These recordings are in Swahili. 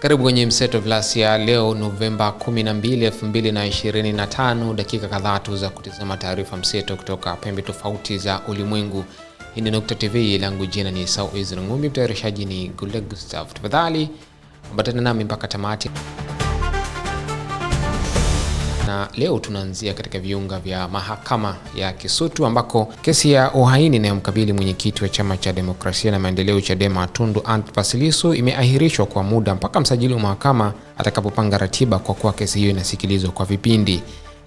Karibu kwenye Mseto ya leo Novemba 12, 2025. Dakika kadhaa tu za kutizama taarifa mseto kutoka pembe tofauti za ulimwengu. Hii ni Nukta TV, langu jina ni Sauizngumbi, mtayarishaji ni Gule Gustav. Tafadhali ambatana nami mpaka tamati na leo tunaanzia katika viunga vya mahakama ya Kisutu ambako kesi ya uhaini inayomkabili mwenyekiti wa chama cha demokrasia na maendeleo Chadema Tundu Antipas Lissu imeahirishwa kwa muda mpaka msajili wa mahakama atakapopanga ratiba, kwa kuwa kesi hiyo inasikilizwa kwa vipindi.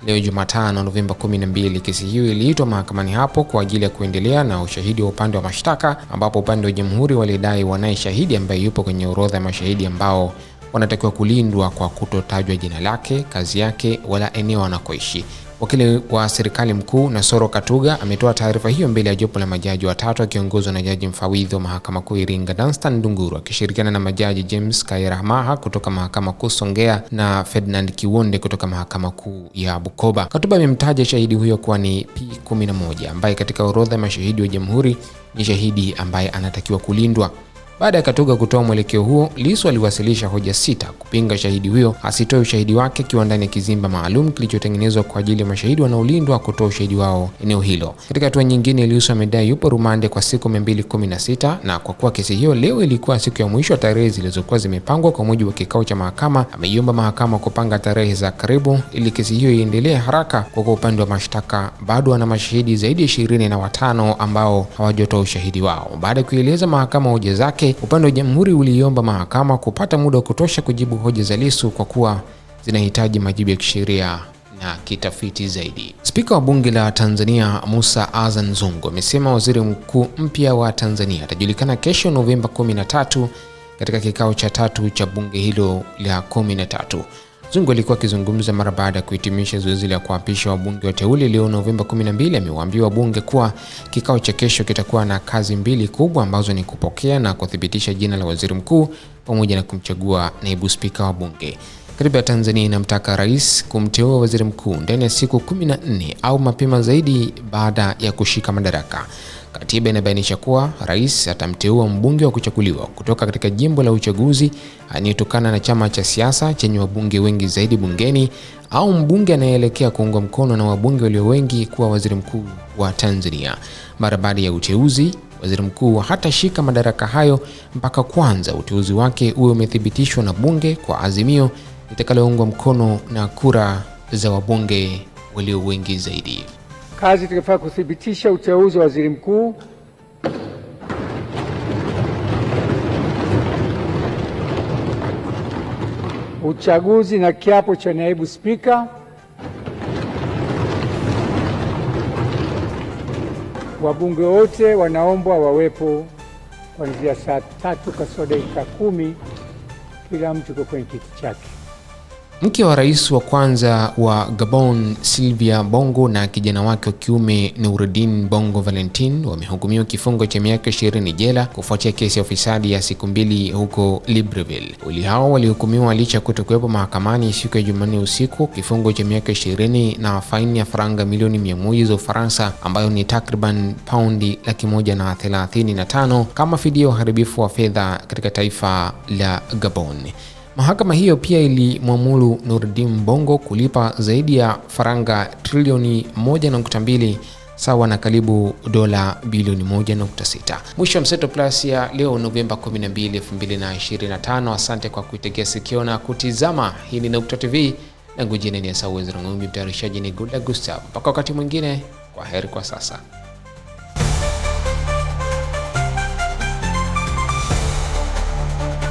Leo Jumatano Novemba 12, kesi hiyo iliitwa mahakamani hapo kwa ajili ya kuendelea na ushahidi wa upande wa mashtaka, ambapo upande wa jamhuri walidai wanaye shahidi ambaye yupo kwenye orodha ya mashahidi ambao wanatakiwa kulindwa kwa kutotajwa jina lake, kazi yake wala eneo anakoishi. Wakili wa serikali mkuu Nasoro Katuga ametoa taarifa hiyo mbele ya jopo la majaji watatu akiongozwa na jaji mfawidhi wa mahakama kuu Iringa Danstan Ndunguru akishirikiana na majaji James Kairamaha kutoka mahakama kuu Songea na Ferdinand Kiwonde kutoka mahakama kuu ya Bukoba. Katuba amemtaja shahidi huyo kuwa ni P11 ambaye katika orodha ya mashahidi wa jamhuri ni shahidi ambaye anatakiwa kulindwa. Baada ya Katuga kutoa mwelekeo huo, Lissu aliwasilisha hoja sita kupinga shahidi huyo asitoe ushahidi wake akiwa ndani ya kizimba maalum kilichotengenezwa kwa ajili ya mashahidi wanaolindwa kutoa ushahidi wao eneo hilo. Katika hatua nyingine, Lissu amedai yupo rumande kwa siku 216 na kwa kuwa kesi hiyo leo ilikuwa siku ya mwisho tarehe zilizokuwa zimepangwa kwa mujibu wa kikao cha mahakama, ameiomba mahakama kupanga tarehe za karibu ili kesi hiyo iendelee haraka, kwa kuwa upande wa mashtaka bado wana mashahidi zaidi ya ishirini na watano ambao hawajatoa ushahidi wao. Baada ya kuieleza mahakama hoja zake yake, upande wa jamhuri uliiomba mahakama kupata muda wa kutosha kujibu hoja za Lissu kwa kuwa zinahitaji majibu ya kisheria na kitafiti zaidi. Spika wa bunge la Tanzania Musa Azan Zungu amesema waziri mkuu mpya wa Tanzania atajulikana kesho Novemba 13 katika kikao cha tatu cha bunge hilo la 13. Zungu alikuwa akizungumza mara baada ya kuhitimisha zoezi la kuapisha wabunge wateule leo Novemba 12. Amewaambia wabunge kuwa kikao cha kesho kitakuwa na kazi mbili kubwa ambazo ni kupokea na kuthibitisha jina la waziri mkuu pamoja na kumchagua naibu spika wa bunge. Katiba ya Tanzania inamtaka rais kumteua waziri mkuu ndani ya siku 14 au mapema zaidi baada ya kushika madaraka. Katiba inabainisha kuwa rais atamteua mbunge wa kuchaguliwa kutoka katika jimbo la uchaguzi anayetokana na chama cha siasa chenye wabunge wengi zaidi bungeni au mbunge anayeelekea kuungwa mkono na wabunge walio wengi kuwa waziri mkuu wa Tanzania. Mara baada ya uteuzi, waziri mkuu hatashika madaraka hayo mpaka kwanza uteuzi wake uwe umethibitishwa na bunge kwa azimio litakaloungwa mkono na kura za wabunge walio wengi zaidi kazi tukifanya kuthibitisha uteuzi wa waziri mkuu uchaguzi na kiapo cha naibu spika wabunge wote wanaombwa wawepo kuanzia saa tatu kasoro dakika kumi, kila mtu kwa kwenye kiti chake. Mke wa rais wa kwanza wa Gabon Sylvia Bongo na kijana wake wa kiume Noureddin Bongo Valentin wamehukumiwa kifungo cha miaka 20 jela kufuatia kesi ya ufisadi ya siku mbili huko Libreville. Wawili hao walihukumiwa licha ya kutokuwepo mahakamani siku ya Jumanne usiku, kifungo cha miaka 20 na faini ya faranga milioni 100 za Ufaransa, ambayo ni takriban paundi laki moja na thelathini na tano kama fidia uharibifu wa fedha katika taifa la Gabon. Mahakama hiyo pia ilimwamuru Nurdin Mbongo kulipa zaidi ya faranga trilioni 1.2 sawa na karibu dola bilioni 1.6. Mwisho wa Mseto Plus ya leo Novemba 12, 2025. Asante kwa kuitegea sikio na kutizama. Hii ni Nukta TV na ngujine ni Asauwezirangumi, mtayarishaji ni Guda Gustav. Mpaka wakati mwingine, kwa heri kwa sasa.